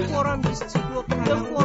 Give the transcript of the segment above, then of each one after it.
Dekoran di studio Telkom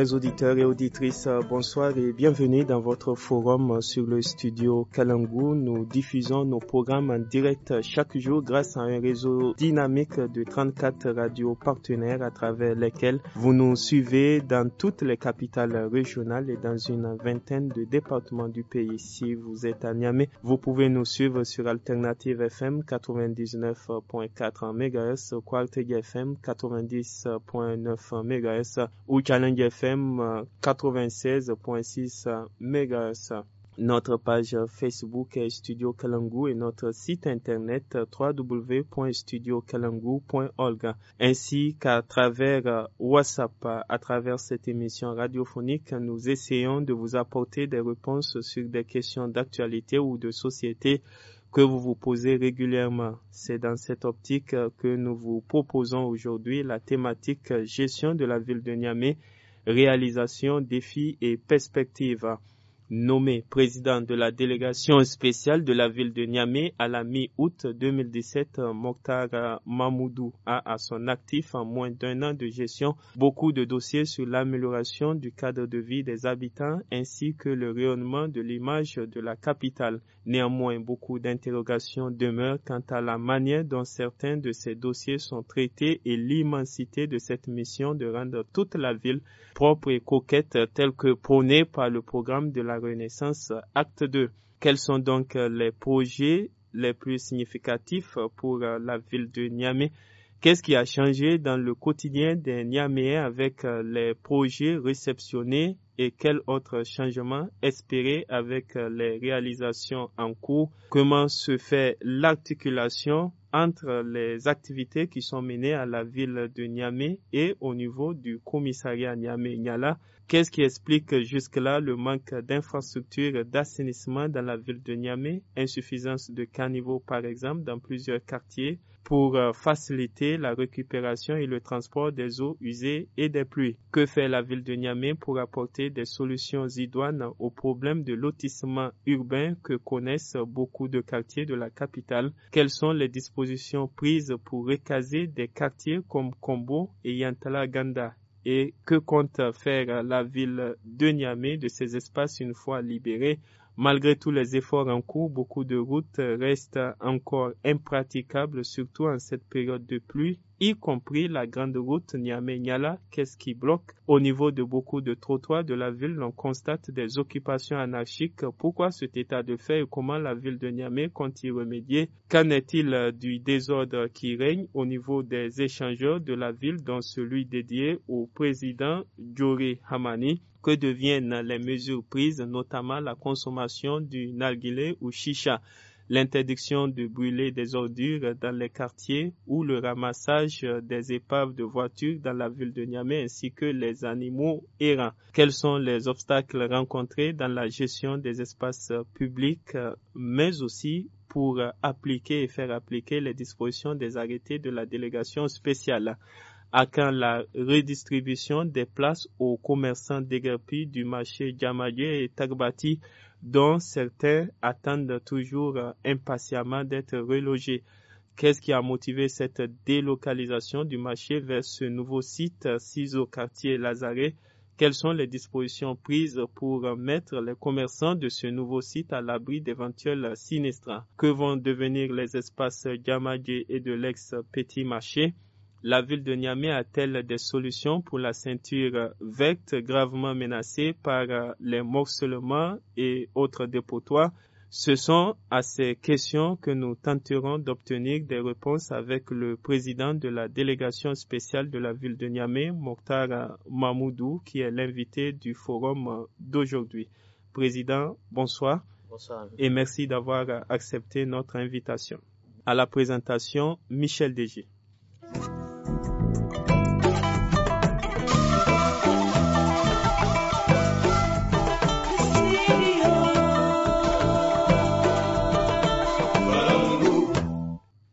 Chers auditeurs et auditrices, euh, bonsoir et bienvenue dans votre forum euh, sur le studio Kalangu. Nous diffusons nos programmes en direct euh, chaque jour grâce à un réseau dynamique de 34 radios partenaires à travers lesquels vous nous suivez dans toutes les capitales régionales et dans une vingtaine de départements du pays. Si vous êtes à Niamey, vous pouvez nous suivre sur Alternative FM 99.4 MHz, Quartier FM 90.9 MHz ou Challenge FM 96.6 MHz. Euh, notre page Facebook est Studio Kalangu et notre site internet euh, www.studiokalangu.org ainsi qu'à travers euh, WhatsApp. À travers cette émission radiophonique, nous essayons de vous apporter des réponses sur des questions d'actualité ou de société que vous vous posez régulièrement. C'est dans cette optique que nous vous proposons aujourd'hui la thématique gestion de la ville de Niamey réalisation, défis et perspectives nommé président de la délégation spéciale de la ville de Niamey à la mi-août 2017, Mokhtar Mamoudou a à son actif en moins d'un an de gestion beaucoup de dossiers sur l'amélioration du cadre de vie des habitants ainsi que le rayonnement de l'image de la capitale. Néanmoins, beaucoup d'interrogations demeurent quant à la manière dont certains de ces dossiers sont traités et l'immensité de cette mission de rendre toute la ville propre et coquette telle que prônée par le programme de la Renaissance, acte 2. Quels sont donc les projets les plus significatifs pour euh, la ville de Niamey Qu'est-ce qui a changé dans le quotidien des Niamey avec euh, les projets réceptionnés et quels autres changements espérés avec euh, les réalisations en cours Comment se fait l'articulation entre les activités qui sont menées à la ville de Niamey et au niveau du commissariat Niamey-Niala Qu'est-ce qui explique jusque-là le manque d'infrastructures d'assainissement dans la ville de Niamey, insuffisance de caniveaux par exemple dans plusieurs quartiers pour euh, faciliter la récupération et le transport des eaux usées et des pluies Que fait la ville de Niamey pour apporter des solutions idoines aux problème de lotissement urbain que connaissent beaucoup de quartiers de la capitale Quelles sont les dispositions prises pour recaser des quartiers comme Combo et Yantala Ganda et que compte faire la ville de Niamey de ces espaces une fois libérés, Malgré tous les efforts en cours, beaucoup de routes restent encore impraticables, surtout en cette période de pluie, y compris la grande route Niamey-Niala, qu'est-ce qui bloque Au niveau de beaucoup de trottoirs de la ville, l'on constate des occupations anarchiques. Pourquoi cet état de fait et comment la ville de Niamey compte y remédier Qu'en est-il du désordre qui règne au niveau des échangeurs de la ville, dont celui dédié au président Djori Hamani que deviennent les mesures prises, notamment la consommation du narguilé ou chicha, l'interdiction de brûler des ordures dans les quartiers ou le ramassage des épaves de voitures dans la ville de Niamey ainsi que les animaux errants. Quels sont les obstacles rencontrés dans la gestion des espaces publics, mais aussi pour appliquer et faire appliquer les dispositions des arrêtés de la délégation spéciale à quand la redistribution des places aux commerçants déguerpis du marché Djamadier et Tagbati, dont certains attendent toujours euh, impatiemment d'être relogés. Qu'est-ce qui a motivé cette délocalisation du marché vers ce nouveau site, 6 euh, au quartier Lazaret Quelles sont les dispositions prises pour euh, mettre les commerçants de ce nouveau site à l'abri d'éventuels sinistres Que vont devenir les espaces Djamadje et de l'ex-petit marché la ville de Niamey a-t-elle des solutions pour la ceinture verte gravement menacée par euh, les morcellements et autres dépotoirs Ce sont à ces questions que nous tenterons d'obtenir des réponses avec le président de la délégation spéciale de la ville de Niamey, Mokhtar euh, Mahmoudou, qui est l'invité du forum euh, d'aujourd'hui. Président, bonsoir. Bonsoir. Et merci d'avoir accepté notre invitation. À la présentation, Michel Dégé.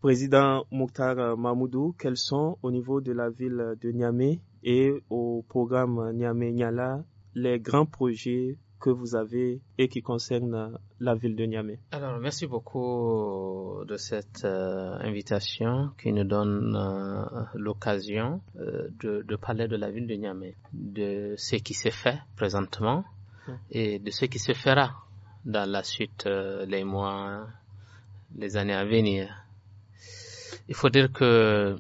président Mokhtar euh, Mahmoudou, quels sont au niveau de la ville de Niamey et au programme Niamey-Niala les grands projets que vous avez et qui concernent euh, la ville de Niamey. Alors, merci beaucoup euh, de cette invitation qui nous donne l'occasion de, parler de la ville de Niamey, de ce qui s'est fait présentement et de ce qui se fera dans la suite, les mois, les années à venir il faut dire que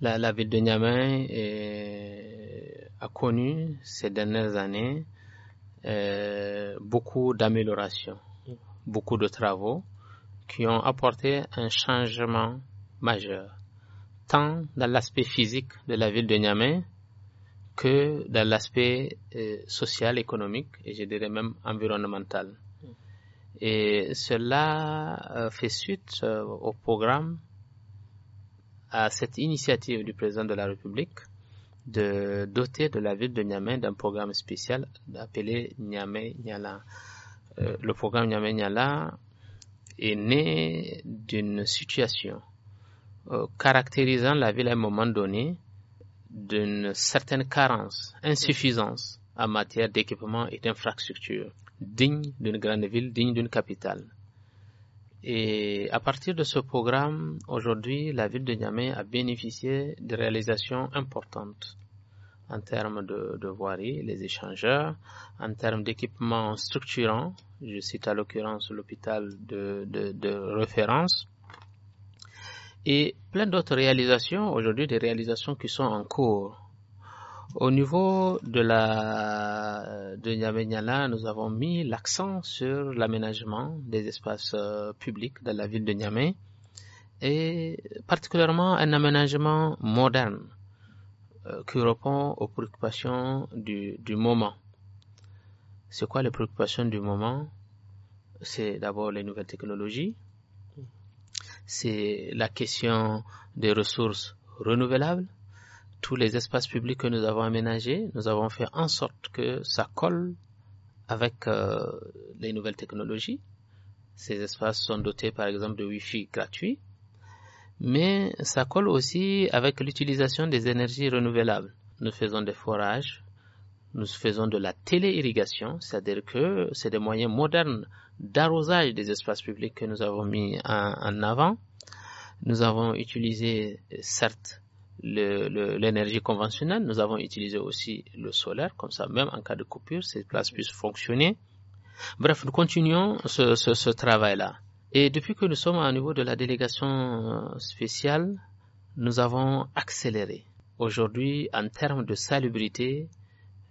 la, ville de Niamey a connu ces dernières années euh, beaucoup d'améliorations, beaucoup de travaux qui ont apporté un changement majeur, tant dans l'aspect physique de la ville de Niamey que dans l'aspect euh, social, économique et je dirais même environnemental. Et cela euh, fait suite euh, au programme, à cette initiative du président de la République de doter de la ville de Niamey d'un programme spécial appelé Niamey Niala. Euh, le programme Niamey Niala est né d'une situation caractérisant la ville à un moment donné d'une certaine carence, insuffisance en matière d'équipement et d'infrastructure digne d'une grande ville, digne d'une capitale. Et à partir de ce programme, aujourd'hui, la ville de Niamey a bénéficié de réalisations importantes en termes de, voiries, voirie, les échangeurs, en termes d'équipements structurants, je cite à l'occurrence l'hôpital de référence, et plein d'autres réalisations, aujourd'hui des réalisations qui sont en cours au niveau de la de niamey nous avons mis l'accent sur l'aménagement des espaces euh, publics dans la ville de Niamey et particulièrement un aménagement moderne euh, qui répond aux préoccupations du, du moment. C'est quoi les préoccupations du moment C'est d'abord les nouvelles technologies, c'est la question des ressources renouvelables, tous les espaces publics que nous avons aménagés, nous avons fait en sorte que ça colle avec euh, les nouvelles technologies. Ces espaces sont dotés par exemple de Wi-Fi gratuit, mais ça colle aussi avec l'utilisation des énergies renouvelables. Nous faisons des forages, nous faisons de la télé-irrigation, c'est-à-dire que c'est des moyens modernes d'arrosage des espaces publics que nous avons mis en avant. Nous avons utilisé, certes, l'énergie conventionnelle. Nous avons utilisé aussi le solaire, comme ça, même en cas de coupure, ces places puissent fonctionner. Bref, nous continuons ce, ce, ce travail-là. Et depuis que nous sommes au niveau de la délégation euh, spéciale, nous avons accéléré. Aujourd'hui, en termes de salubrité,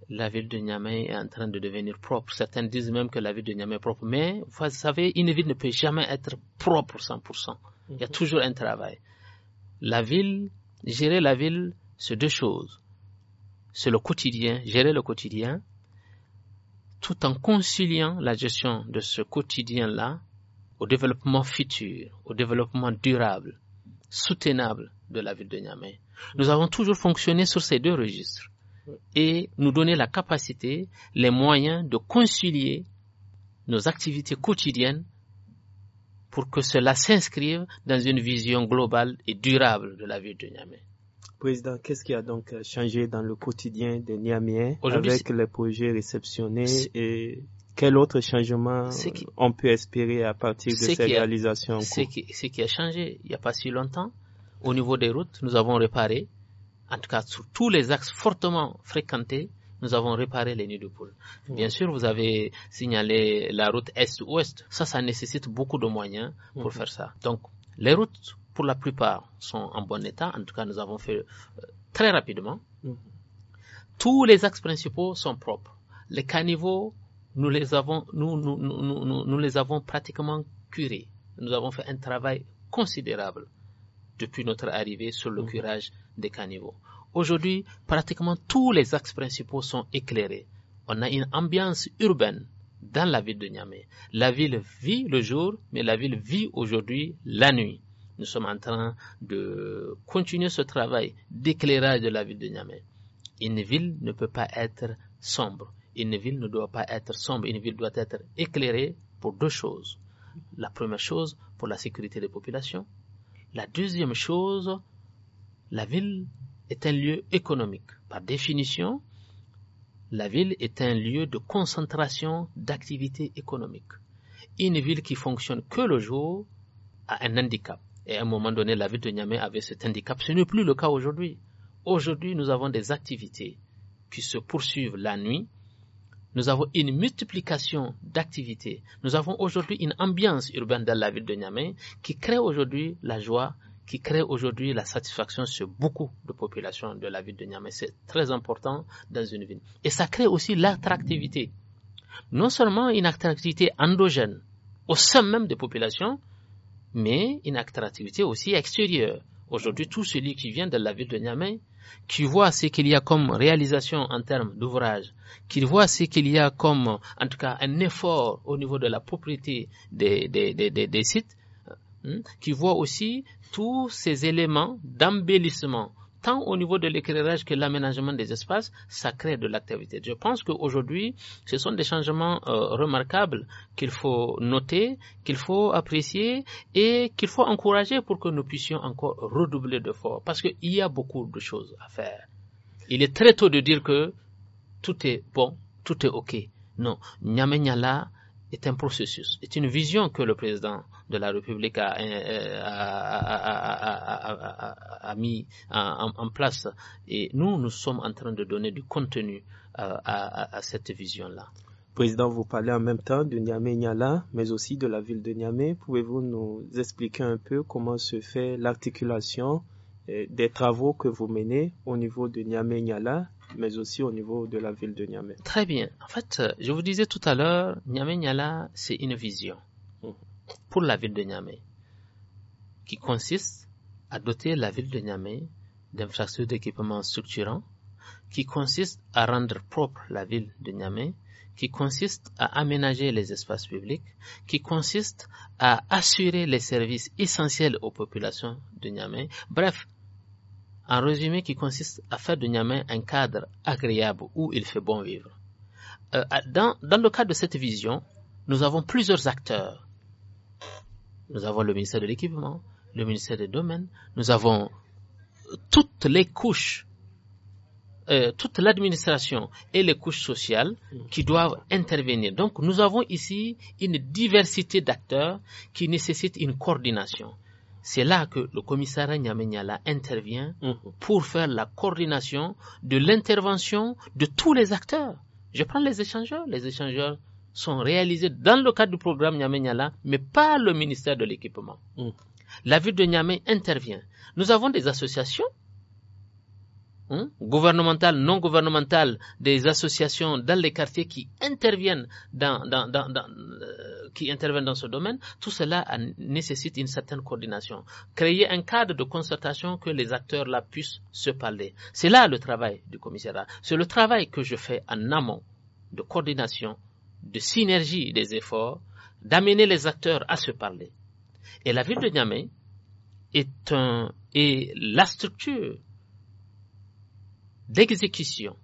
la ville de Niamey est en train de devenir propre. Certains disent même que la ville de Niamey est propre. Mais vous savez, une ville ne peut jamais être propre 100%. Il y a mhm. toujours un travail. La ville Gérer la ville, c'est deux choses. C'est le quotidien, gérer le quotidien, tout en conciliant la gestion de ce quotidien-là au développement futur, au développement durable, soutenable de la ville de Niamey. Nous avons toujours fonctionné sur ces deux registres et nous donner la capacité, les moyens de concilier nos activités quotidiennes pour que cela s'inscrive dans une vision globale et durable de la ville de Niamey. Président, qu'est-ce qui a donc euh, changé dans le quotidien des Niamiens avec les projets réceptionnés et quel autre changement on peut espérer à partir de ces réalisations Ce qui, a changé il n'y a pas si longtemps, au niveau des routes, nous avons réparé, en tout cas sur tous les axes fortement fréquentés, nous avons réparé les nids de poules. Bien sûr, vous avez signalé la route est-ouest. Ça, ça nécessite beaucoup de moyens pour mhm. faire ça. Donc, les routes, pour la plupart, sont en bon état. En tout cas, nous avons fait euh, très rapidement. Mhm. Tous les axes principaux sont propres. Les caniveaux, nous les avons, nous, nous, nous, nous les avons pratiquement curés. Nous avons fait un travail considérable depuis notre arrivée sur le mhm. curage des caniveaux. Aujourd'hui, pratiquement tous les axes principaux sont éclairés. On a une ambiance urbaine dans la ville de Niamey. La ville vit le jour, mais la ville vit aujourd'hui la nuit. Nous sommes en train de continuer ce travail d'éclairage de la ville de Niamey. Une ville ne peut pas être sombre. Une ville ne doit pas être sombre. Une ville doit être éclairée pour deux choses. La première chose, pour la sécurité des populations. La deuxième chose, la ville est un lieu économique. Par définition, la ville est un lieu de concentration d'activités économiques. Une ville qui fonctionne que le jour a un handicap. Et à un moment donné, la ville de Niamey avait cet handicap. Ce n'est plus le cas aujourd'hui. Aujourd'hui, nous avons des activités qui se poursuivent la nuit. Nous avons une multiplication d'activités. Nous avons aujourd'hui une ambiance urbaine dans la ville de Niamey qui crée aujourd'hui la joie qui crée aujourd'hui la satisfaction sur beaucoup de populations de la ville de Niamey. C'est très important dans une ville. Et ça crée aussi l'attractivité. Non seulement une attractivité endogène au sein même des populations, mais une attractivité aussi extérieure. Aujourd'hui, tout celui qui vient de la ville de Niamey, qui voit ce qu'il y a comme réalisation en termes d'ouvrage, qui voit ce qu'il y a comme, en tout cas, un effort au niveau de la propriété des, des, des sites, Hmm? qui voit aussi tous ces éléments d'embellissement, tant au niveau de l'éclairage que l'aménagement des espaces, ça crée de l'activité. Je pense qu'aujourd'hui, ce sont des changements euh, remarquables qu'il faut noter, qu'il faut apprécier et qu'il faut encourager pour que nous puissions encore redoubler de force, parce qu'il y a beaucoup de choses à faire. Il est très tôt de dire que tout est bon, tout est ok. Non, Nyamenyala, est un processus, est une vision que le président de la République a, mis en, place. Et nous, nous sommes en train de donner du contenu euh, à, à cette vision-là. Président, vous parlez en même temps de Niamey-Niala, mais aussi de la ville de Niamey. Pouvez-vous nous expliquer un peu comment se fait l'articulation euh, des travaux que vous menez au niveau de Niamey-Niala mais aussi au niveau de la ville de Niamey. Très bien. En fait, je vous disais tout à l'heure, Niamey-Niala, c'est une vision mm. pour la ville de Niamey qui consiste à doter la ville de Niamey d'infrastructures d'équipements structurant qui consiste à rendre propre la ville de Niamey, qui consiste à aménager les espaces publics, qui consiste à assurer les services essentiels aux populations de Niamey. Bref, un résumé qui consiste à faire de Niamey un cadre agréable où il fait bon vivre. Euh, dans, le cadre de cette vision, nous avons plusieurs acteurs. Nous avons le ministère de l'équipement, le ministère des domaines, nous avons euh, toutes les couches, euh, toute l'administration et les couches sociales qui doivent intervenir. Donc nous avons ici une diversité d'acteurs qui nécessitent une coordination. C'est là que le commissariat Nyamenyala intervient mhm. pour faire la coordination de l'intervention de tous les acteurs. Je prends les échangeurs. Les échangeurs sont réalisés dans le cadre du programme Nyamenyala, mais par le ministère de l'équipement. Mhm. La ville de Nyamé intervient. Nous avons des associations hein, hmm? non gouvernemental des associations dans les quartiers qui interviennent dans, euh, qui interviennent dans ce domaine, tout cela nécessite une certaine coordination. Créer un cadre de concertation que les acteurs là puissent se parler. C'est là le travail du commissariat. C'est le travail que je fais en amont de coordination, de synergie des efforts, d'amener les acteurs à se parler. Et la ville de Niamey est, un, est la structure d'exécution.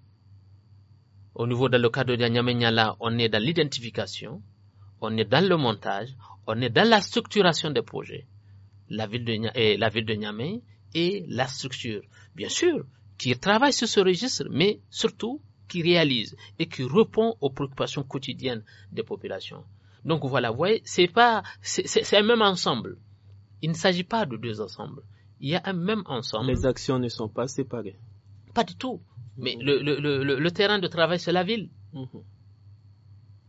Au niveau de le cadre de Nyamenyala, on est dans l'identification, on est dans le montage, on est dans la structuration des projets. La ville de, la ville de et la structure, bien sûr, qui travaille sur ce registre, mais surtout qui réalise et qui répond aux préoccupations quotidiennes des populations. Donc voilà, vous voyez, c'est pas, c'est un même ensemble. Il ne s'agit pas de deux ensembles. Il y a un même ensemble. Les actions ne sont pas séparées. Pas du tout. Mais le, le, le, terrain de travail, c'est la ville. Mhm.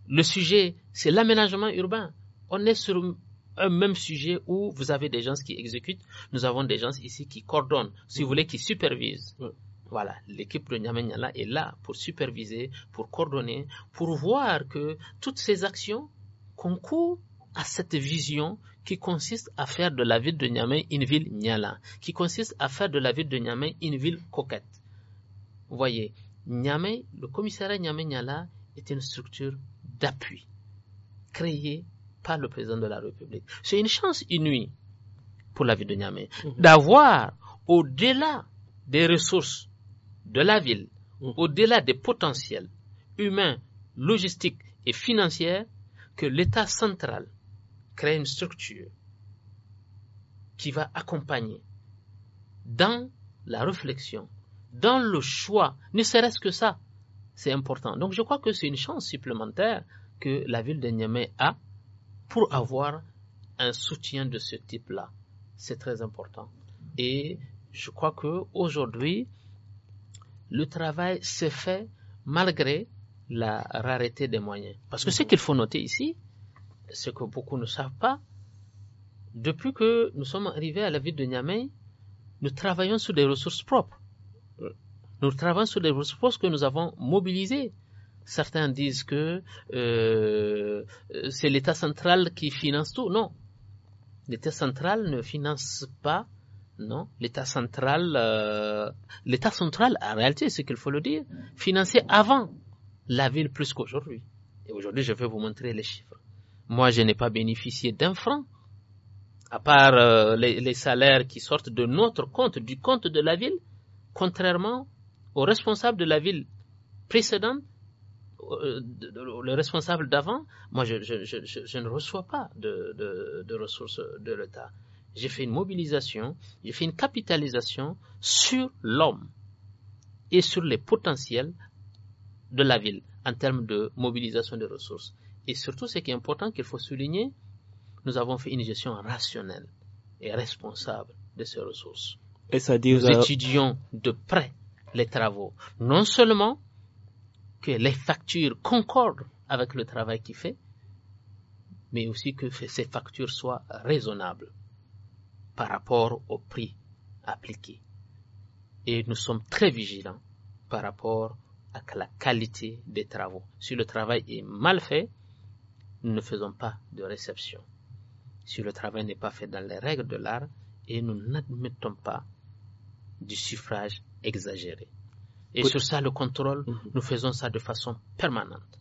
Le sujet, c'est l'aménagement urbain. On est sur un même sujet où vous avez des gens qui exécutent, nous avons des gens ici qui coordonnent, si vous mhm. voulez, qui supervisent. Voilà, l'équipe de Nyala est là pour superviser, pour coordonner, pour voir que toutes ces actions concourent à cette vision qui consiste à faire de la ville de Niamey une ville Nyala, qui consiste à faire de la ville de Niamey une ville coquette. Vous voyez, le commissariat Niamey-Niala est une structure d'appui créée par le président de la République. C'est une chance inouïe pour la ville de Niamey mhm. d'avoir, au-delà des ressources de la ville, mhm. au-delà des potentiels humains, logistiques et financiers, que l'État central crée une structure qui va accompagner dans la réflexion dans le choix, ne serait-ce que ça, c'est important. Donc je crois que c'est une chance supplémentaire que la ville de Niamey a pour avoir un soutien de ce type-là. C'est très important. Et je crois que aujourd'hui, le travail se fait malgré la rareté des moyens. Parce que ce qu'il faut noter ici, ce que beaucoup ne savent pas, depuis que nous sommes arrivés à la ville de Niamey, nous travaillons sur des ressources propres. Nous travaillons sur les ressources que nous avons mobilisées. Certains disent que euh, c'est l'État central qui finance tout. Non. L'État central ne finance pas. Non. L'État central, euh, l'État central, en réalité, c'est ce qu'il faut le dire, finançait avant la ville plus qu'aujourd'hui. Et aujourd'hui, je vais vous montrer les chiffres. Moi, je n'ai pas bénéficié d'un franc à part euh, les, les, salaires qui sortent de notre compte, du compte de la ville, contrairement aux responsables de la ville précédente, euh, le responsable d'avant, moi je, je, je, je, ne reçois pas de, de, de ressources de l'État. J'ai fait une mobilisation, j'ai fait une capitalisation sur l'homme et sur les potentiels de la ville en termes de mobilisation de ressources. Et surtout, ce qui est important qu'il faut souligner, nous avons fait une gestion rationnelle et responsable de ces ressources. Et ça dit, nous étudions de près les travaux. Non seulement que les factures concordent avec le travail qu'il fait, mais aussi que ces factures soient raisonnables par rapport au prix appliqué. Et nous sommes très vigilants par rapport à la qualité des travaux. Si le travail est mal fait, nous ne faisons pas de réception. Si le travail n'est pas fait dans les règles de l'art, et nous n'admettons pas du suffrage exagéré. Et sur ça, le contrôle, mhm. nous faisons ça de façon permanente.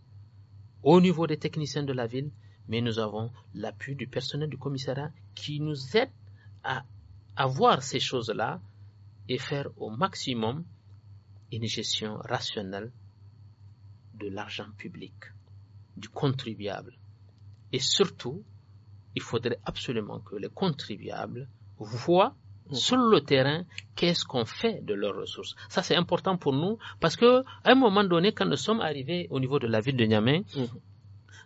Au niveau des techniciens de la ville, mais nous avons l'appui du personnel du commissariat qui nous aide à avoir ces choses-là et faire au maximum une gestion rationnelle de l'argent public, du contribuable. Et surtout, il faudrait absolument que les contribuables voient Mhm. sur le terrain qu'est-ce qu'on fait de leurs ressources. Ça, c'est important pour nous parce que à un moment donné, quand nous sommes arrivés au niveau de la ville de Niamey, mhm.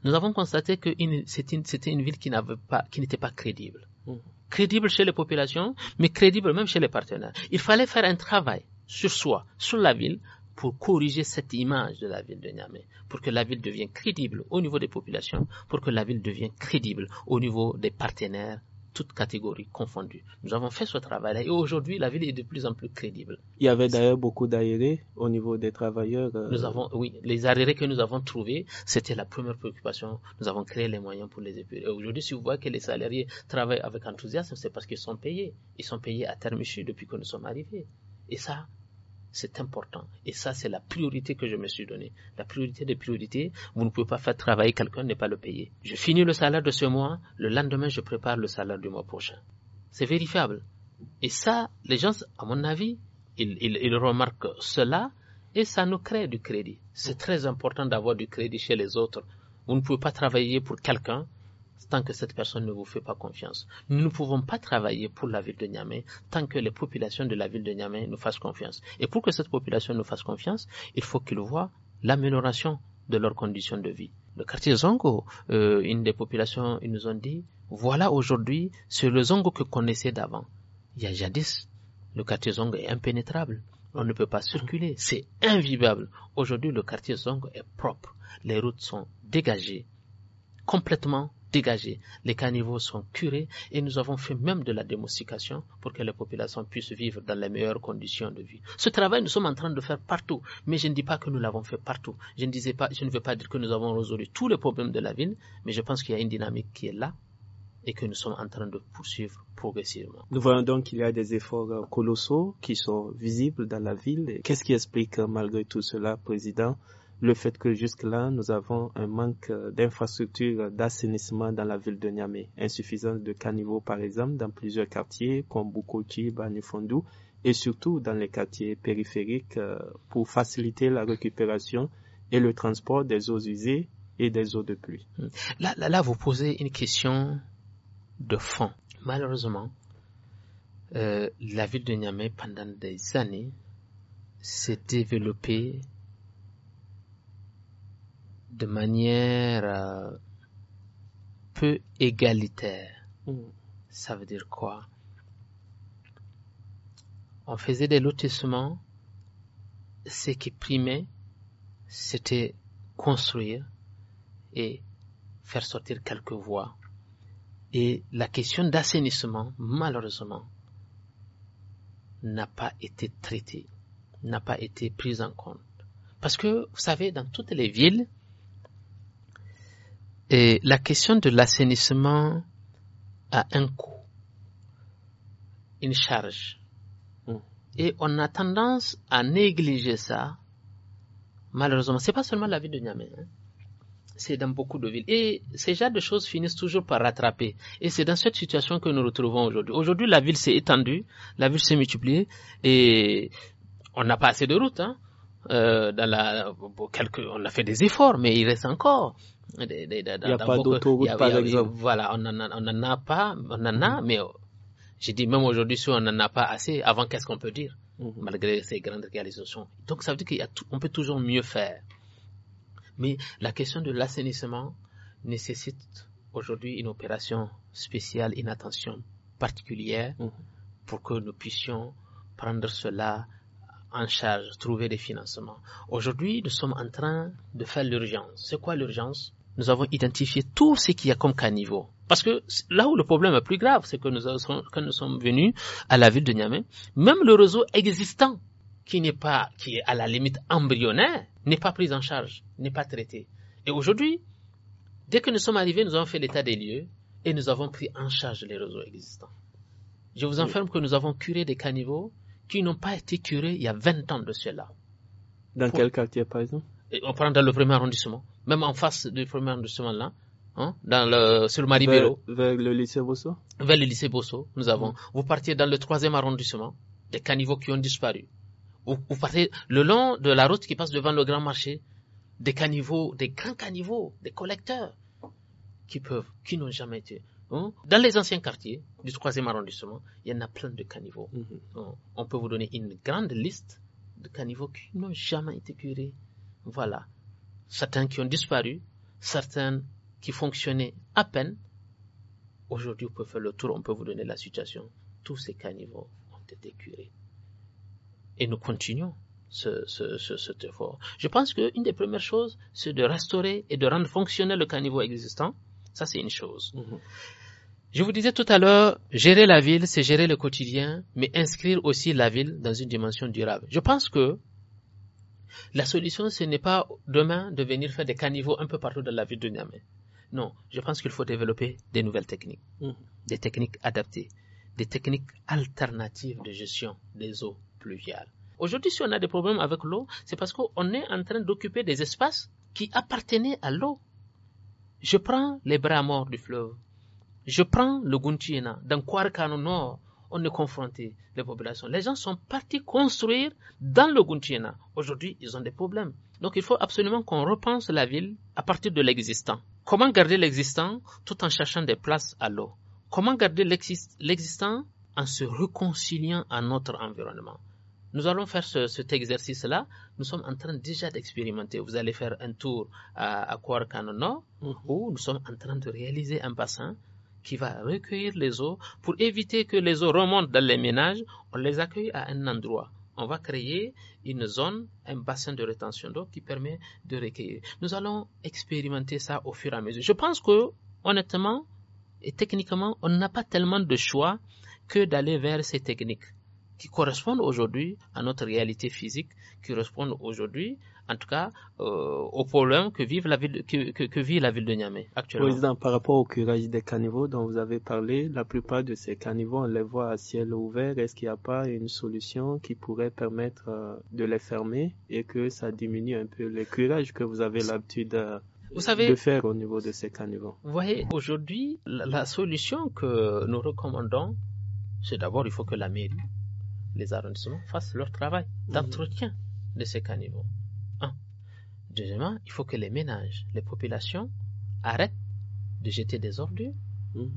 nous avons constaté que c'était une, ville qui n'avait pas, qui n'était pas crédible. Mhm. Crédible chez les populations, mais crédible même chez les partenaires. Il fallait faire un travail sur soi, sur la ville, pour corriger cette image de la ville de Niamey, pour que la ville devienne crédible au niveau des populations, pour que la ville devienne crédible au niveau des partenaires toutes catégories confondues. Nous avons fait ce travail-là et aujourd'hui, la ville est de plus en plus crédible. Il y avait d'ailleurs beaucoup d'aérés au niveau des travailleurs. Euh, nous avons, oui, les aérés que nous avons trouvés, c'était la première préoccupation. Nous avons créé les moyens pour les épurer. Aujourd'hui, si vous voyez que les salariés travaillent avec enthousiasme, c'est parce qu'ils sont payés. Ils sont payés à terme issu depuis que nous sommes arrivés. Et ça, c'est important. Et ça, c'est la priorité que je me suis donnée. La priorité des priorités, vous ne pouvez pas faire travailler quelqu'un, n'est pas le payer. Je finis le salaire de ce mois, le lendemain, je prépare le salaire du mois prochain. C'est vérifiable. Et ça, les gens, à mon avis, ils, ils remarquent cela et ça nous crée du crédit. C'est très important d'avoir du crédit chez les autres. Vous ne pouvez pas travailler pour quelqu'un tant que cette personne ne vous fait pas confiance. Nous ne pouvons pas travailler pour la ville de Niamey tant que les populations de la ville de Niamey nous fassent confiance. Et pour que cette population nous fasse confiance, il faut qu'ils voient l'amélioration de leurs conditions de vie. Le quartier Zongo, euh, une des populations, ils nous ont dit, voilà aujourd'hui, c'est le Zongo que connaissait d'avant. Il y a jadis, le quartier Zongo est impénétrable. On ne peut pas circuler, c'est invivable. Aujourd'hui, le quartier Zongo est propre. Les routes sont dégagées complètement dégagés, les caniveaux sont curés et nous avons fait même de la démoustication pour que les populations puissent vivre dans les meilleures conditions de vie. Ce travail, nous sommes en train de faire partout, mais je ne dis pas que nous l'avons fait partout. Je ne, disais pas, je ne veux pas dire que nous avons résolu tous les problèmes de la ville, mais je pense qu'il y a une dynamique qui est là et que nous sommes en train de poursuivre progressivement. Nous voyons donc qu'il y a des efforts euh, colossaux qui sont visibles dans la ville. Qu'est-ce qui explique euh, malgré tout cela, Président, le fait que jusque-là, nous avons un manque euh, d'infrastructures d'assainissement dans la ville de Niamey, insuffisance de caniveaux par exemple dans plusieurs quartiers comme Bukoti, Banifondou et surtout dans les quartiers périphériques euh, pour faciliter la récupération et le transport des eaux usées et des eaux de pluie. Là, là, vous posez une question de fond. Malheureusement, euh, la ville de Niamey pendant des années s'est développée de manière euh, peu égalitaire. Hmm. Ça veut dire quoi On faisait des lotissements. Ce qui primait, c'était construire et faire sortir quelques voies. Et la question d'assainissement, malheureusement, n'a pas été traitée, n'a pas été prise en compte. Parce que, vous savez, dans toutes les villes, et la question de l'assainissement a un coût, une charge. Mm. Et on a tendance à négliger ça, malheureusement. C'est pas seulement la ville de Niamey. Hein. C'est dans beaucoup de villes. Et ces genres de choses finissent toujours par rattraper. Et c'est dans cette situation que nous retrouvons aujourd'hui. Aujourd'hui, la ville s'est étendue, la ville s'est multipliée, et on n'a pas assez de routes. Hein. Euh, dans la, quelques, on a fait des efforts, mais il reste encore. Il n'y a pas d'autoroute, par exemple. Voilà, on n'en a pas, on en a, mais oh, j'ai dit même aujourd'hui, si on n'en a pas assez, avant, qu'est-ce qu'on peut dire mhm. Malgré ces grandes réalisations. Donc, ça veut dire qu'on peut toujours mieux faire. Mais la question de l'assainissement nécessite aujourd'hui une opération spéciale, une attention particulière mhm. pour que nous puissions prendre cela en charge, trouver des financements. Aujourd'hui, nous sommes en train de faire l'urgence. C'est quoi l'urgence nous avons identifié tout ce qu'il y a comme caniveau. Parce que là où le problème est plus grave, c'est que nous, nous sommes venus à la ville de Niamey, même le réseau existant, qui n'est pas, qui est à la limite embryonnaire, n'est pas pris en charge, n'est pas traité. Et aujourd'hui, dès que nous sommes arrivés, nous avons fait l'état des lieux et nous avons pris en charge les réseaux existants. Je vous informe que nous avons curé des caniveaux qui n'ont pas été curés il y a 20 ans de cela. Dans quel quartier, par exemple On prend dans le premier arrondissement même en face du premier arrondissement là, hein, dans le, sur le Vers, vers, le lycée Bosso Vers le lycée Bosso, nous avons. Mm. Vous partiez dans le troisième arrondissement, des caniveaux qui ont disparu. Vous, vous, partez le long de la route qui passe devant le grand marché, des caniveaux, des grands caniveaux, des collecteurs qui peuvent, qui n'ont jamais été. Hein. Dans les anciens quartiers du troisième arrondissement, il y en a plein de caniveaux. Mm-hmm. Hein, on peut vous donner une grande liste de caniveaux qui n'ont jamais été curés. Voilà certains qui ont disparu, certains qui fonctionnaient à peine. Aujourd'hui, on peut faire le tour, on peut vous donner la situation. Tous ces caniveaux ont été curés. Et nous continuons ce, ce, cet effort. Je pense qu'une des premières choses, c'est de restaurer et de rendre fonctionnel le caniveau existant. Ça, c'est une chose. Mm-hmm. Je vous disais tout à l'heure, gérer la ville, c'est gérer le quotidien, mais inscrire aussi la ville dans une dimension durable. Je pense que la solution, ce n'est pas demain de venir faire des caniveaux un peu partout dans la ville de Niamey. Non, je pense qu'il faut développer des nouvelles techniques, mmh. des techniques adaptées, des techniques alternatives de gestion des eaux pluviales. Aujourd'hui, si on a des problèmes avec l'eau, c'est parce qu'on est en train d'occuper des espaces qui appartenaient à l'eau. Je prends les bras morts du fleuve. Je prends le Guntiena, dans Kwarkano Nord, on est confronté, les populations. Les gens sont partis construire dans le Guntiena. Aujourd'hui, ils ont des problèmes. Donc, il faut absolument qu'on repense la ville à partir de l'existant. Comment garder l'existant tout en cherchant des places à l'eau Comment garder l'existant en se réconciliant à notre environnement nous allons faire cet exercice-là. Nous sommes en train déjà d'expérimenter. Vous allez faire un tour à, à mm-hmm. où nous sommes en train de réaliser un bassin qui va recueillir les eaux pour éviter que les eaux remontent dans les ménages. On les accueille à un endroit. On va créer une zone, un bassin de rétention d'eau qui permet de recueillir. Nous allons expérimenter ça au fur et à mesure. Je pense que, honnêtement et techniquement, on n'a pas tellement de choix que d'aller vers ces techniques qui correspondent aujourd'hui à notre réalité physique, qui correspondent aujourd'hui en tout cas, euh, au problème que, vivent la ville, que, que, vit la ville de Niamey actuellement. Président, par rapport au curage des caniveaux dont vous avez parlé, la plupart de ces caniveaux, on les voit à ciel ouvert. Est-ce qu'il n'y a pas une solution qui pourrait permettre euh, de les fermer et que ça diminue un peu le curage que vous avez l'habitude euh, de faire au niveau de ces caniveaux Vous voyez, aujourd'hui, la, solution que nous recommandons, c'est d'abord, il faut que la mairie, les arrondissements fassent leur travail mhm. d'entretien de ces caniveaux. Deuxièmement, il faut que les ménages, les populations arrêtent de jeter des ordures, mm-hmm.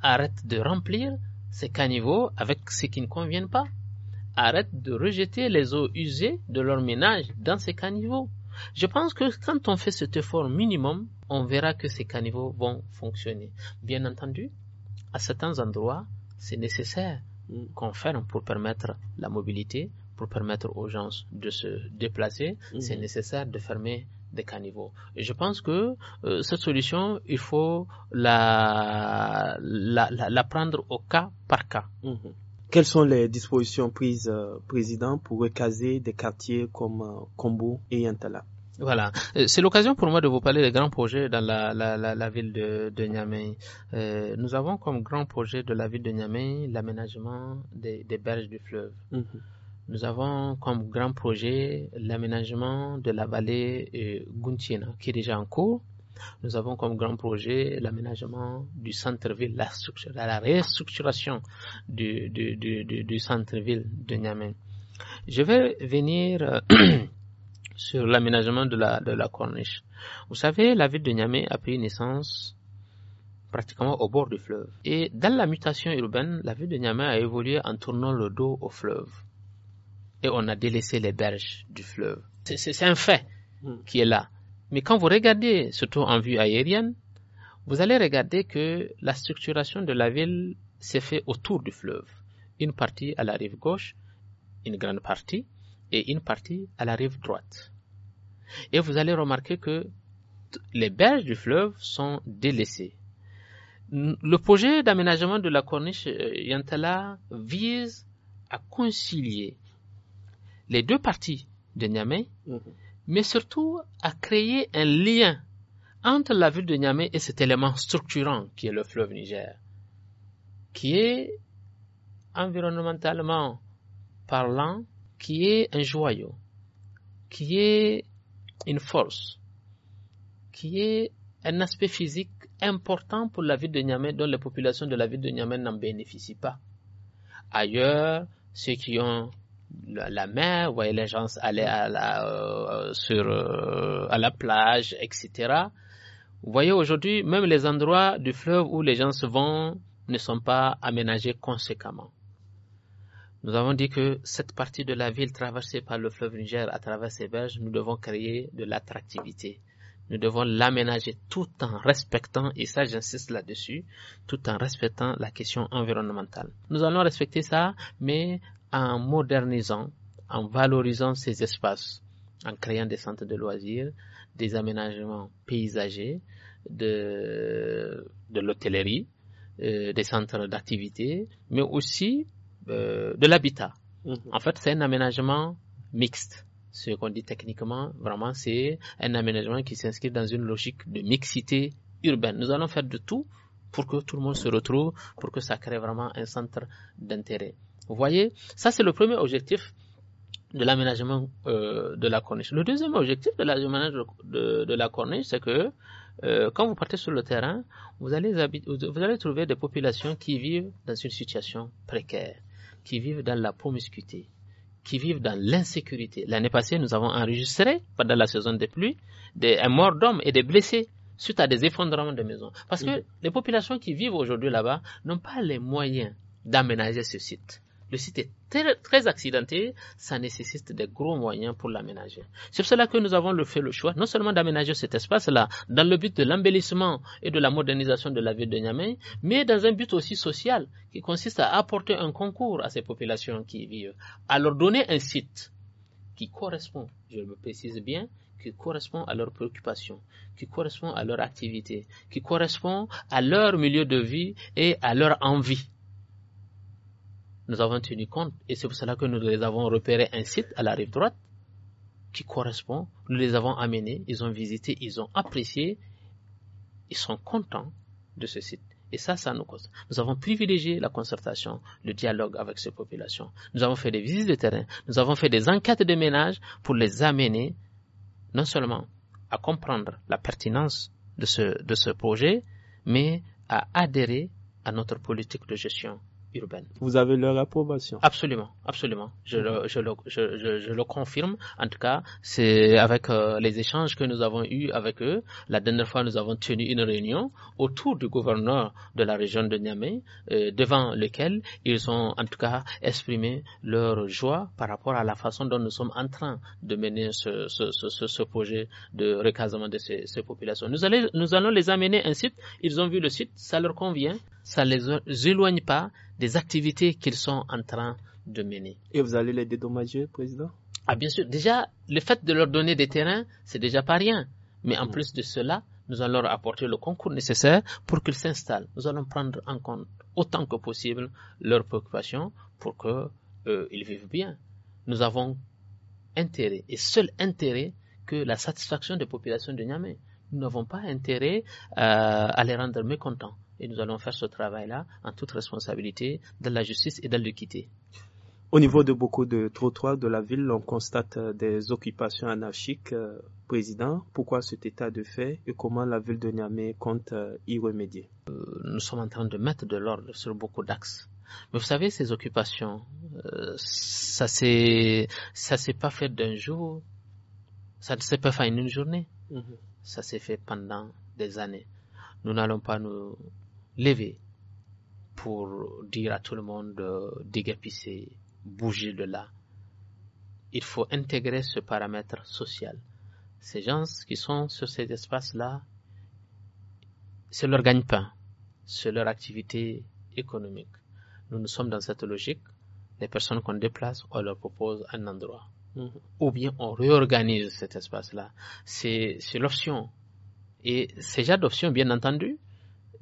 arrêtent de remplir ces caniveaux avec ce qui ne convient pas, arrêtent de rejeter les eaux usées de leurs ménages dans ces caniveaux. Je pense que quand on fait cet effort minimum, on verra que ces caniveaux vont fonctionner. Bien entendu, à certains endroits, c'est nécessaire mm. qu'on ferme pour permettre la mobilité, permettre aux gens de se déplacer, mhm. c'est nécessaire de fermer des caniveaux. Et je pense que euh, cette solution, il faut la, la, prendre au cas par cas. Mhm. Quelles sont les dispositions prises, euh, Président, pour recaser des quartiers comme Combo euh, et Yantala voilà, c'est l'occasion pour moi de vous parler des grands projets dans la, la, ville de, de Niamey. nous avons comme grand projet de la ville de Niamey l'aménagement des, berges du fleuve. Mhm nous avons comme grand projet l'aménagement de la vallée euh, Gunchina, qui est déjà en cours. Nous avons comme grand projet l'aménagement du centre-ville, la, la, restructuration du, centre-ville de Niamey. Je vais venir euh, sur l'aménagement de la, de la corniche. Vous savez, la ville de Niamey a pris naissance pratiquement au bord du fleuve. Et dans la mutation urbaine, la ville de Niamey a évolué en tournant le dos au fleuve et on a délaissé les berges du fleuve. C'est un fait hmm. qui est là. Mais quand vous regardez, surtout en vue aérienne, vous allez regarder que la structuration de la ville s'est faite autour du fleuve. Une partie à la rive gauche, une grande partie, et une partie à la rive droite. Et vous allez remarquer que les berges du fleuve sont délaissées. Le projet d'aménagement de la corniche euh, Yantala vise à concilier les deux parties de Niamey, mhm. mais surtout à créer un lien entre la ville de Niamey et cet élément structurant qui est le fleuve Niger, qui est environnementalement parlant, qui est un joyau, qui est une force, qui est un aspect physique important pour la ville de Niamey dont les populations de la ville de Niamey n'en bénéficient pas. Ailleurs, ceux qui ont la mer, voyez les gens aller à la, euh, sur, euh, à la plage, etc. Vous voyez aujourd'hui, même les endroits du fleuve où les gens se vont ne sont pas aménagés conséquemment. Nous avons dit que cette partie de la ville traversée par le fleuve Niger à travers ses berges, nous devons créer de l'attractivité. Nous devons l'aménager tout en respectant, et ça j'insiste là-dessus, tout en respectant la question environnementale. Nous allons respecter ça, mais en modernisant, en valorisant ces espaces, en créant des centres de loisirs, des aménagements paysagers, de, de l'hôtellerie, euh, des centres d'activité, mais aussi euh, de l'habitat. Mhm. En fait, c'est un aménagement mixte. Ce qu'on dit techniquement, vraiment, c'est un aménagement qui s'inscrit dans une logique de mixité urbaine. Nous allons faire de tout pour que tout le monde se retrouve, pour que ça crée vraiment un centre d'intérêt. Vous voyez, ça c'est le premier objectif de l'aménagement euh, de la corniche. Le deuxième objectif de l'aménagement de, la corniche, c'est que euh, quand vous partez sur le terrain, vous allez, vous allez trouver des populations qui vivent dans une situation précaire, qui vivent dans la promiscuité, qui vivent dans l'insécurité. L'année passée, nous avons enregistré, pendant la saison des pluies, des, morts d'hommes et des blessés suite à des effondrements de maisons. Parce que les populations qui vivent aujourd'hui là-bas n'ont pas les moyens d'aménager ce site. Le site est très, accidenté, ça nécessite des gros moyens pour l'aménager. C'est pour cela que nous avons fait le choix non seulement d'aménager cet espace-là dans le but de l'embellissement et de la modernisation de la ville de Niamey, mais dans un but aussi social qui consiste à apporter un concours à ces populations qui y vivent, à leur donner un site qui correspond, je le précise bien, qui correspond à leurs préoccupations, qui correspond à leur activité, qui correspond à leur milieu de vie et à leur envie nous avons tenu compte et c'est pour cela que nous les avons repérés un site à la rive droite qui correspond. Nous les avons amenés, ils ont visité, ils ont apprécié, ils sont contents de ce site. Et ça, ça nous cause. Nous avons privilégié la concertation, le dialogue avec ces populations. Nous avons fait des visites de terrain, nous avons fait des enquêtes de ménage pour les amener non seulement à comprendre la pertinence de ce, de ce projet, mais à adhérer à notre politique de gestion vous avez leur approbation Absolument, absolument. Je, le, je, je, je le, confirme. En tout cas, c'est avec euh, les échanges que nous avons eus avec eux. La dernière fois, nous avons tenu une réunion autour du gouverneur de la région de Niamey, euh, devant lequel ils ont en tout cas exprimé leur joie par rapport à la façon dont nous sommes en train de mener ce, ce, ce, ce projet de recasement de ces, ces populations. Nous, nous allons les amener un site. Ils ont vu le site, ça leur convient ça ne les éloigne pas des activités qu'ils sont en train de mener. Et vous allez les dédommager, Président Ah bien sûr, déjà, le fait de leur donner des terrains, c'est déjà pas rien. Mais en mm. plus de cela, nous allons leur apporter le concours nécessaire pour qu'ils s'installent. Nous allons prendre en compte autant que possible leurs préoccupations pour qu'ils euh, vivent bien. Nous avons intérêt, et seul intérêt, que la satisfaction des populations de Niamey. Nous n'avons pas intérêt euh, à les rendre mécontents et nous allons faire ce travail-là en toute responsabilité de la justice et de l'équité. Au niveau de beaucoup de trottoirs de la ville, on constate euh, des occupations anarchiques. Euh, président, pourquoi cet état de fait et comment la ville de Niamey compte euh, y remédier Nous sommes en train de mettre de l'ordre sur beaucoup d'axes. Mais vous savez, ces occupations, ça ne ça s'est pas fait d'un jour, ça ne s'est pas fait en une journée. Mm-hmm. Ça s'est fait pendant des années. Nous n'allons pas nous lever pour dire à tout le monde de déguerpisser, bouger de là. Il faut intégrer ce paramètre social. Ces gens qui sont sur cet espace-là, c'est leur gagne-pain, c'est leur activité économique. Nous, nous sommes dans cette logique. Les personnes qu'on déplace, on leur propose un endroit. Mm-hmm. Ou bien on réorganise cet espace-là. C'est l'option. Et c'est déjà d'options, bien entendu,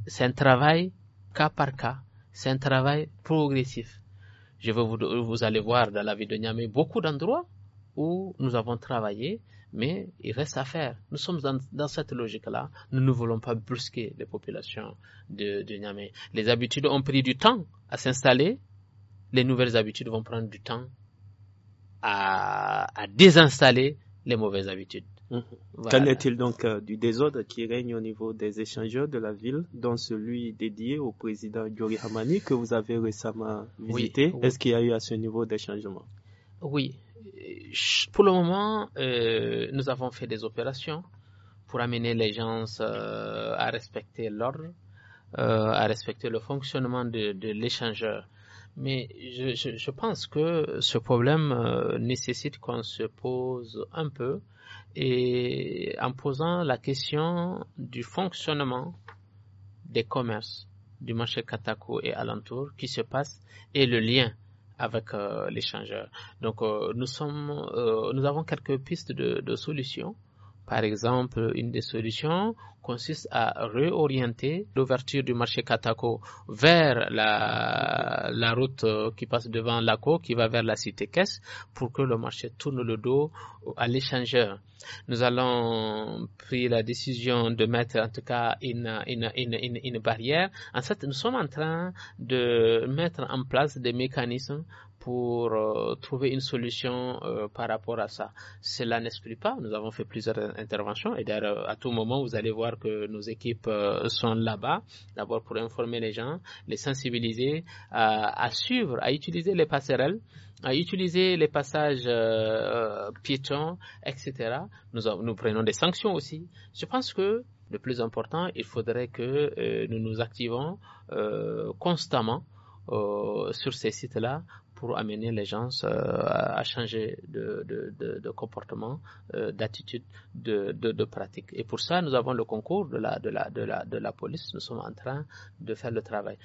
c'est un travail cas par cas, c'est un travail progressif. Je veux vous, vous allez voir dans la vie de Niamey beaucoup d'endroits où nous avons travaillé, mais il reste à faire. Nous sommes dans, cette logique-là. Nous ne voulons pas brusquer les populations de, de Niamey. Les habitudes ont pris du temps à s'installer. Les nouvelles habitudes vont prendre du temps à, à désinstaller les mauvaises habitudes. Mmh. Qu'en est-il donc euh, du désordre qui règne au niveau des échangeurs de la ville, dont celui dédié au président Djori Hamani que vous avez récemment visité Est-ce qu'il y a eu à ce niveau des changements Oui. Pour le moment, euh, nous avons fait des opérations pour amener les gens euh, à respecter l'ordre, à respecter le fonctionnement de l'échangeur. Mais je, je, je, pense que ce problème euh, nécessite qu'on se pose un peu et en posant la question du fonctionnement des commerces du marché Katako et alentour qui se passe et le lien avec euh, l'échangeur. Donc euh, nous sommes, nous avons quelques pistes de solutions par exemple, une des solutions consiste à réorienter l'ouverture du marché Katako vers la, route euh, qui passe devant l'ACO, qui va vers la cité caisse, pour que le marché tourne le dos à l'échangeur. Nous allons pris la décision de mettre en tout cas une barrière. En fait, nous sommes en train de mettre en place des mécanismes pour euh, trouver une solution euh, par rapport à ça. Cela n'exclut pas, nous avons fait plusieurs interventions et d'ailleurs euh, à tout moment vous allez voir que nos équipes sont là-bas, d'abord pour informer les gens, les sensibiliser à, suivre, à utiliser les passerelles à utiliser les passages piétons, etc. Nous, nous prenons des sanctions aussi. Je pense que le plus important, il faudrait que nous nous activons constamment sur ces sites-là pour amener les gens euh, à changer de, comportement, euh, d'attitude, de, pratique. Et pour ça, nous avons le concours de la, de la police. Nous sommes en train de faire le travail.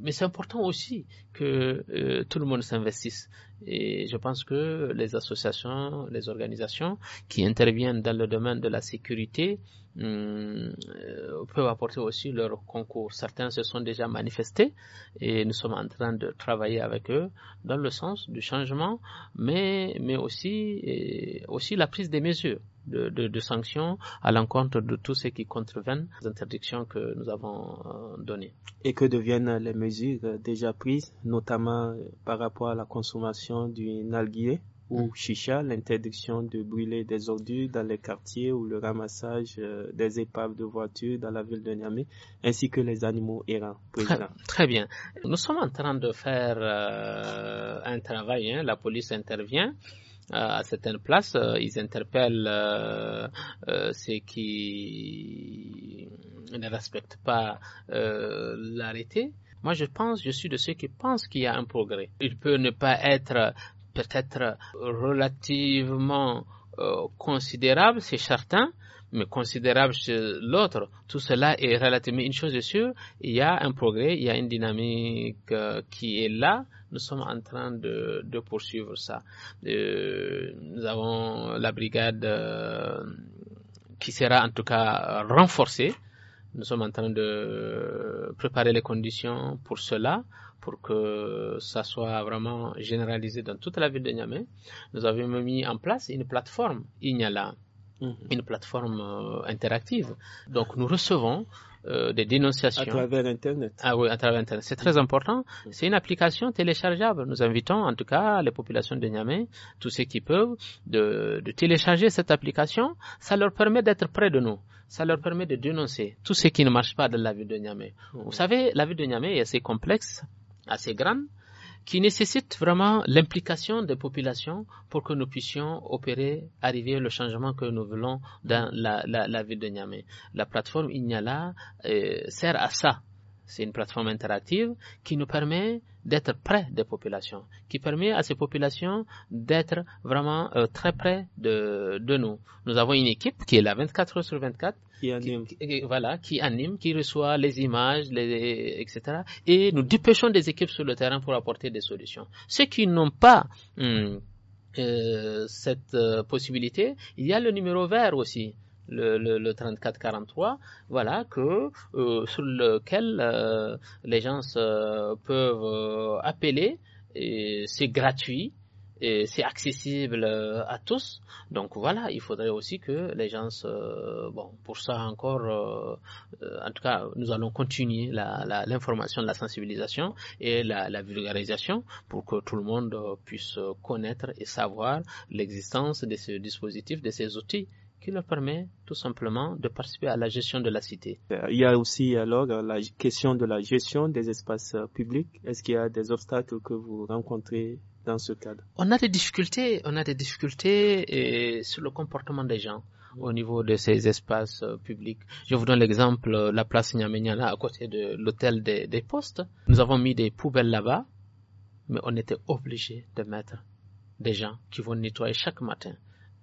Mais c'est important aussi que euh, tout le monde s'investisse et je pense que les associations, les organisations qui interviennent dans le domaine de la sécurité hum, euh, peuvent apporter aussi leur concours. Certains se sont déjà manifestés et nous sommes en train de travailler avec eux dans le sens du changement, mais, mais aussi, aussi la prise des mesures de, de, de sanctions à l'encontre de tous ceux qui contreviennent aux interdictions que nous avons euh, données. Et que deviennent les mesures euh, déjà prises, notamment euh, par rapport à la consommation du nalguier ou mm. chicha, l'interdiction de brûler des ordures dans les quartiers ou le ramassage des épaves de voitures dans la ville de Niamey, ainsi que les animaux errants. Très, très, bien. Nous sommes en train de faire un travail, hein. la police intervient. Euh, à certaines places, euh, ils interpellent euh, ceux qui ne respectent pas l'arrêté. Moi, je pense, je suis de ceux qui pensent qu'il y a un progrès. Il peut ne pas être peut-être relativement considérable, c'est certain, mais considérable chez l'autre. Tout cela est relativement une chose de sûre. Il y a un progrès, il y a une dynamique qui est là, nous sommes en train de, poursuivre ça. Euh, nous avons la brigade euh, qui sera en tout cas renforcée. Nous sommes en train de préparer les conditions pour cela, pour que ça soit vraiment généralisé dans toute la ville de Niamey. Nous avons mis en place une plateforme Ignala Mhm. une plateforme euh, interactive. Donc nous recevons euh, des dénonciations. À travers Internet. Ah oui, à travers Internet. C'est très mhm. important. Mhm. C'est une application téléchargeable. Nous invitons en tout cas les populations de Niamey, tous ceux qui peuvent, de, de télécharger cette application. Ça leur permet d'être près de nous. Ça leur permet de dénoncer tout ce qui ne marche pas dans la ville de Niamey. Vous savez, la ville de Niamey est assez complexe, assez grande qui nécessite vraiment l'implication des populations pour que nous puissions opérer, arriver le changement que nous voulons dans la, ville de Niamey. La plateforme Ignala euh, sert à ça, c'est une plateforme interactive qui nous permet d'être près des populations, qui permet à ces populations d'être vraiment euh, très près de, nous. Nous avons une équipe qui est là 24 heures sur 24, qui anime, qui, voilà, qui anime, qui reçoit les images, les, etc. Et nous dépêchons des équipes sur le terrain pour apporter des solutions. Ceux qui n'ont pas hum, euh, cette euh, possibilité, il y a le numéro vert aussi le, le, le 34-43, voilà, que, euh, sur lequel euh, les gens peuvent euh, appeler, et c'est gratuit, et c'est accessible euh, à tous. Donc voilà, il faudrait aussi que les gens, euh, bon, pour ça encore, euh, en tout cas, nous allons continuer l'information, la, la, sensibilisation et la, la, vulgarisation pour que tout le monde puisse connaître et savoir l'existence de ce dispositif, de ces outils qui leur permet tout simplement de participer à la gestion de la cité. Euh, il y a aussi alors euh, la question de la gestion des espaces euh, publics. Est-ce qu'il y a des obstacles que vous rencontrez dans ce cadre On a des difficultés, on a des difficultés sur le comportement des gens au niveau de ces espaces publics. Je vous donne l'exemple, la place Nyaméniana à côté de l'hôtel des, des postes. Nous avons mis des poubelles là-bas, mais on était obligé de mettre des gens qui vont nettoyer chaque matin.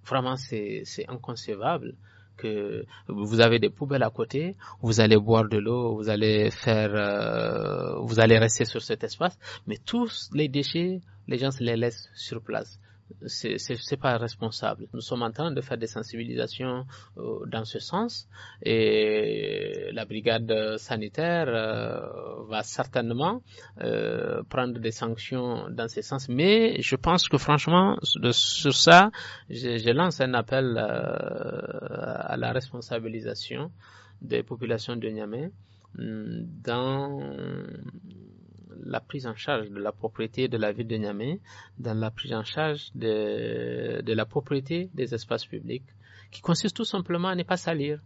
Vraiment, c'est inconcevable que vous avez des poubelles à côté, vous allez boire de l'eau, vous allez faire, euh, vous allez rester sur cet espace, mais tous les déchets, les gens se les laissent sur place c'est c'est pas responsable. Nous sommes en train de faire des sensibilisations euh, dans ce sens et la brigade sanitaire euh, va certainement euh, prendre des sanctions dans ce sens. Mais je pense que franchement sur ça, je, je lance un appel à la responsabilisation des populations de Niamey mm, dans la prise en charge de la propriété de la ville de Niamey, dans la prise en charge de, la propriété des espaces publics, qui consiste tout simplement à ne pas salir,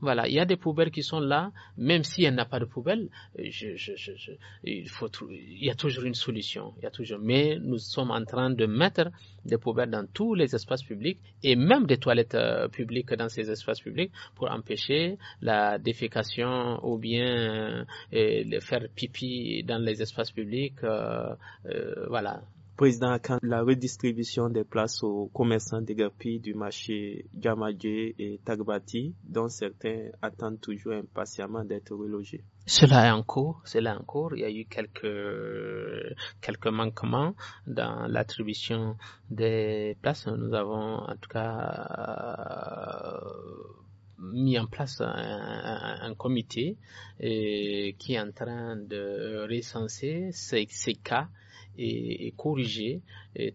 voilà, il y a des poubelles qui sont là, même s'il n'y en a pas de poubelle, je, je, je, il, faut, il y a toujours une solution. Il y a toujours, mais nous sommes en train de mettre des poubelles dans tous les espaces publics et même des toilettes euh, publiques dans ces espaces publics pour empêcher la défécation ou bien euh, de faire pipi dans les espaces publics. Euh, euh voilà, président la redistribution des places aux commerçants déguerpis du marché Gamadje et Tagbati, dont certains attendent toujours impatiemment d'être relogés. Cela est en cours, cela est en cours. Il y a eu quelques, quelques manquements dans l'attribution des places. Nous avons, en tout cas, euh, mis en place un, comité qui est en train de recenser ces cas et, et corriger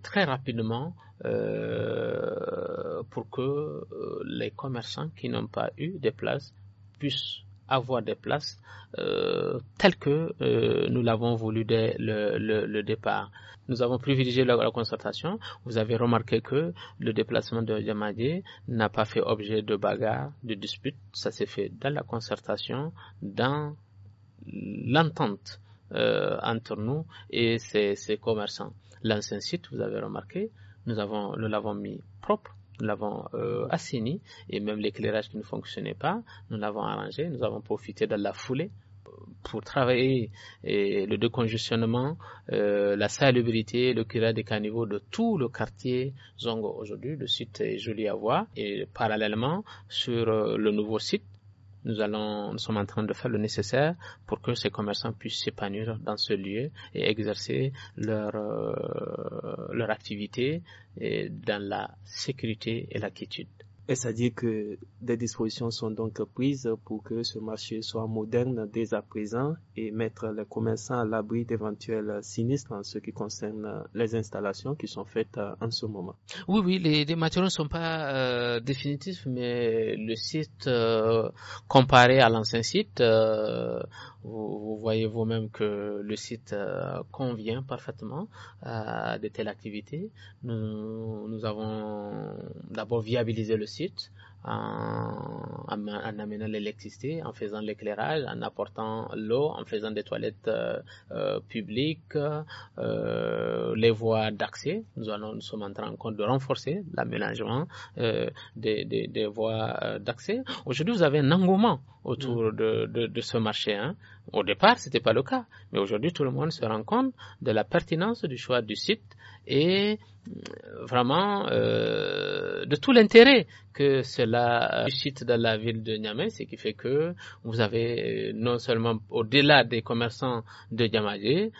très rapidement euh, pour que euh, les commerçants qui n'ont pas eu des places puissent avoir des places euh, telles que euh, nous l'avons voulu dès le, le, départ. Nous avons privilégié la, concertation. Vous avez remarqué que le déplacement de Yamadi n'a pas fait objet de bagarre, de dispute. Ça s'est fait dans la concertation, dans l'entente euh, entre nous et ces, commerçants. L'ancien site, vous avez remarqué, nous avons, nous l'avons mis propre, nous l'avons euh, assaini et même l'éclairage qui ne fonctionnait pas, nous l'avons arrangé, nous avons profité de la foulée pour travailler et le décongestionnement, euh, la salubrité, le curé des caniveaux de tout le quartier Zongo aujourd'hui. Le site est joli à voir. Et parallèlement, sur euh, le nouveau site, nous, allons, nous sommes en train de faire le nécessaire pour que ces commerçants puissent s'épanouir dans ce lieu et exercer leur, euh, leur activité dans la sécurité et la quiétude. Et à dire que des dispositions sont donc prises pour que ce marché soit moderne dès à présent et mettre les commerçants à l'abri d'éventuels sinistres en ce qui concerne les installations qui sont faites euh, en ce moment. Oui, oui, les, les matériaux ne sont pas euh, définitifs, mais le site euh, comparé à l'ancien site, vous, voyez vous-même que le site euh, convient parfaitement euh, à de telles activités. nous avons d'abord viabilisé le site en, amenant l'électricité, en faisant l'éclairage, en apportant l'eau, en faisant des toilettes euh, euh publiques, euh, les voies d'accès. Nous, allons, nous sommes en train de renforcer l'aménagement euh, des, des, des, voies euh, d'accès. Aujourd'hui, vous avez un engouement autour mm. de, de, de ce marché. Hein. Au départ, ce n'était pas le cas, mais aujourd'hui, tout le monde se rend compte de la pertinence du choix du site et euh, vraiment euh, de tout l'intérêt que cela euh, suscite dans la ville de Niamey, ce qui fait que vous avez non seulement au-delà des commerçants de Niamey,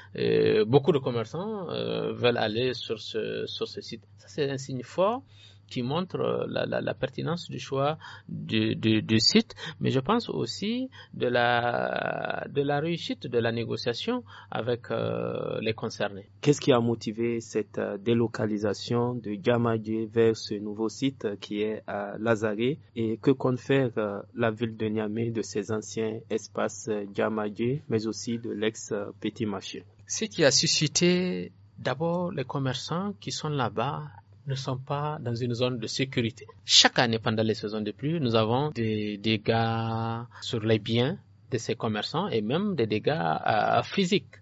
beaucoup de commerçants veulent aller sur ce, sur ce site. Ça, c'est un signe fort qui montre euh, la, la, la pertinence du choix du, site, mais je pense aussi de la, de la réussite de la négociation avec euh, les concernés. Qu'est-ce qui a motivé cette euh, délocalisation de Gamadie vers ce nouveau site qui est à Lazare et que compte faire la ville de Niamey de ses anciens espaces Djamadje, mais aussi de l'ex-petit marché? Ce qui a suscité d'abord les commerçants qui sont là-bas ne sont pas dans une zone de sécurité. Chaque année, pendant les saisons de pluie, nous avons des dégâts sur les biens de ces commerçants et même des dégâts euh, physiques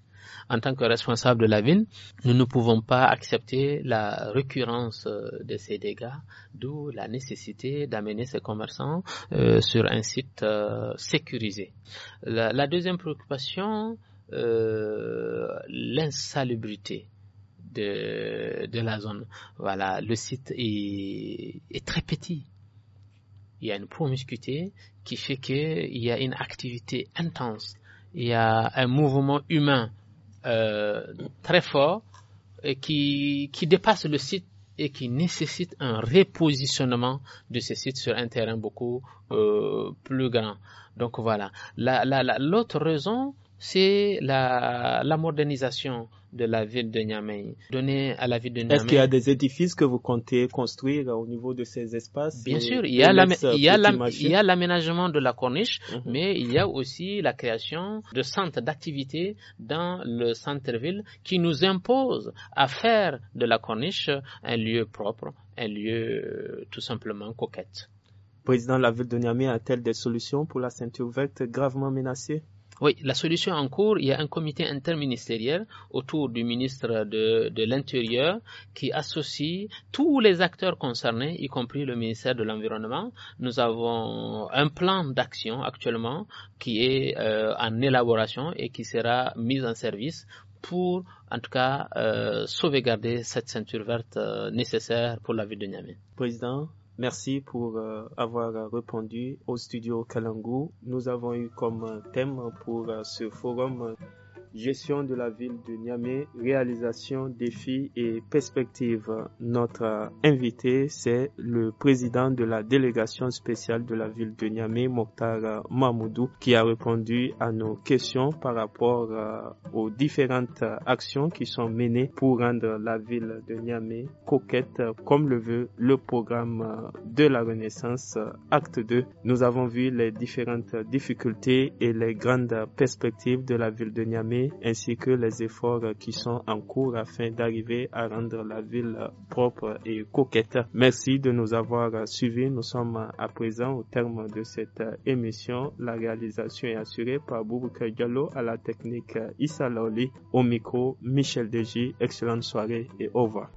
en tant que responsable de la ville, nous ne pouvons pas accepter la récurrence euh, de ces dégâts, d'où la nécessité d'amener ces commerçants euh, sur un site sécurisé. La, la, deuxième préoccupation, euh, l'insalubrité de, de la zone. Voilà, le site est, est très petit. Il y a une promiscuité qui fait qu'il y a une activité intense. Il y a un mouvement humain euh, très fort et qui, qui dépasse le site et qui nécessite un repositionnement de ce site sur un terrain beaucoup euh, plus grand. Donc voilà. L'autre la, la, raison, c'est la, modernisation de la ville de Niamey. Donner à la ville de Niamey. Est-ce qu'il y a des édifices que vous comptez construire au niveau de ces espaces Bien sûr, il y a l'aménagement de la corniche, mhm. mais il y a aussi la création de centres d'activité dans le centre-ville qui nous impose à faire de la corniche un lieu propre, un lieu euh, tout simplement coquette. Président, la ville de Niamey a-t-elle des solutions pour la ceinture verte gravement menacée oui, la solution en cours, il y a un comité interministériel autour du ministre de, l'Intérieur qui associe tous les acteurs concernés, y compris le ministère de l'Environnement. Nous avons un plan d'action actuellement qui est euh, en élaboration et qui sera mis en service pour, en tout cas, euh, sauvegarder cette ceinture verte euh, nécessaire pour la ville de Niamey. Président, Merci pour euh, avoir répondu au studio Kalangu. Nous avons eu comme euh, thème pour euh, ce forum gestion de la ville de Niamey, réalisation, défis et perspectives. Notre euh, invité, c'est le président de la délégation spéciale de la ville de Niamey, Mokhtar euh, Mahmoudou, qui a répondu à nos questions par rapport euh, aux différentes actions qui sont menées pour rendre la ville de Niamey coquette comme le veut le programme de la Renaissance, acte 2. Nous avons vu les différentes difficultés et les grandes perspectives de la ville de Niamey ainsi que les efforts qui sont en cours afin d'arriver à rendre la ville propre et coquette. Merci de nous avoir suivis. Nous sommes à présent au terme de cette émission. La réalisation est assurée par Boubou Diallo à la technique Issa Laoli. Au micro, Michel Deji. Excellente soirée et au revoir.